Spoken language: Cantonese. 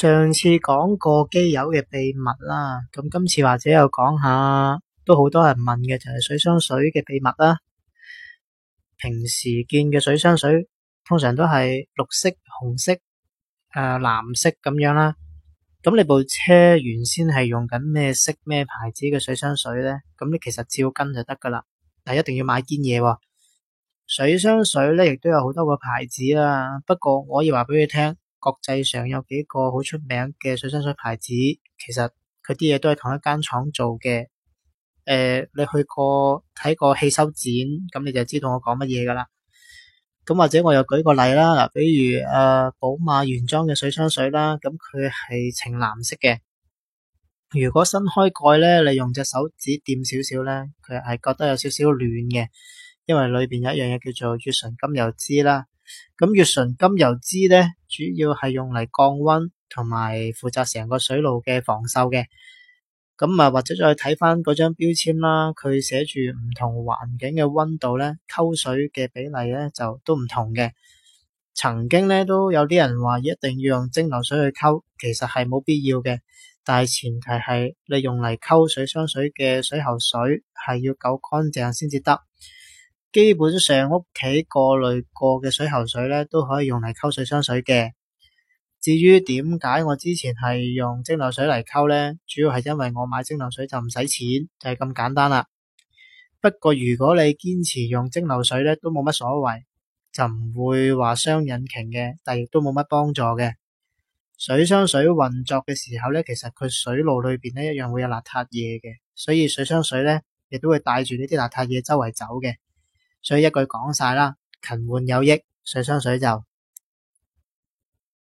上次講過機油嘅秘密啦，咁今次或者又講下，都好多人問嘅就係、是、水箱水嘅秘密啦。平時見嘅水箱水通常都係綠色、紅色、誒、呃、藍色咁樣啦。咁你部車原先係用緊咩色咩牌子嘅水箱水咧？咁你其實照跟就得噶啦，但一定要買堅嘢。水箱水咧亦都有好多個牌子啦，不過我可以話俾你聽。國際上有幾個好出名嘅水箱水牌子，其實佢啲嘢都係同一間廠做嘅。誒、呃，你去過睇過汽修展，咁你就知道我講乜嘢㗎喇。咁或者我又舉個例啦，嗱，比如誒、啊、寶馬原裝嘅水箱水啦，咁佢係呈藍色嘅。如果新開蓋咧，你用隻手指掂少少咧，佢係覺得有少少暖嘅，因為裏邊有一樣嘢叫做乙醇甘油脂啦。咁乙醇甘油脂咧，主要係用嚟降溫，同埋負責成個水路嘅防銹嘅。咁啊，或者再睇翻嗰張標籤啦，佢寫住唔同環境嘅溫度咧，溝水嘅比例咧就都唔同嘅。曾經咧都有啲人話一定要用蒸餾水去溝，其實係冇必要嘅。但係前提係你用嚟溝水箱水嘅水喉水係要夠乾淨先至得。基本上屋企過濾過嘅水喉水咧，都可以用嚟溝水箱水嘅。至於點解我之前係用蒸餾水嚟溝呢？主要係因為我買蒸餾水就唔使錢，就係咁簡單啦。不過如果你堅持用蒸餾水咧，都冇乜所謂，就唔會話傷引擎嘅，但亦都冇乜幫助嘅。水箱水運作嘅時候咧，其實佢水路裏邊咧一樣會有邋遢嘢嘅，所以水箱水咧亦都會帶住呢啲邋遢嘢周圍走嘅。所以一句講晒啦，勤換有益，水箱水就。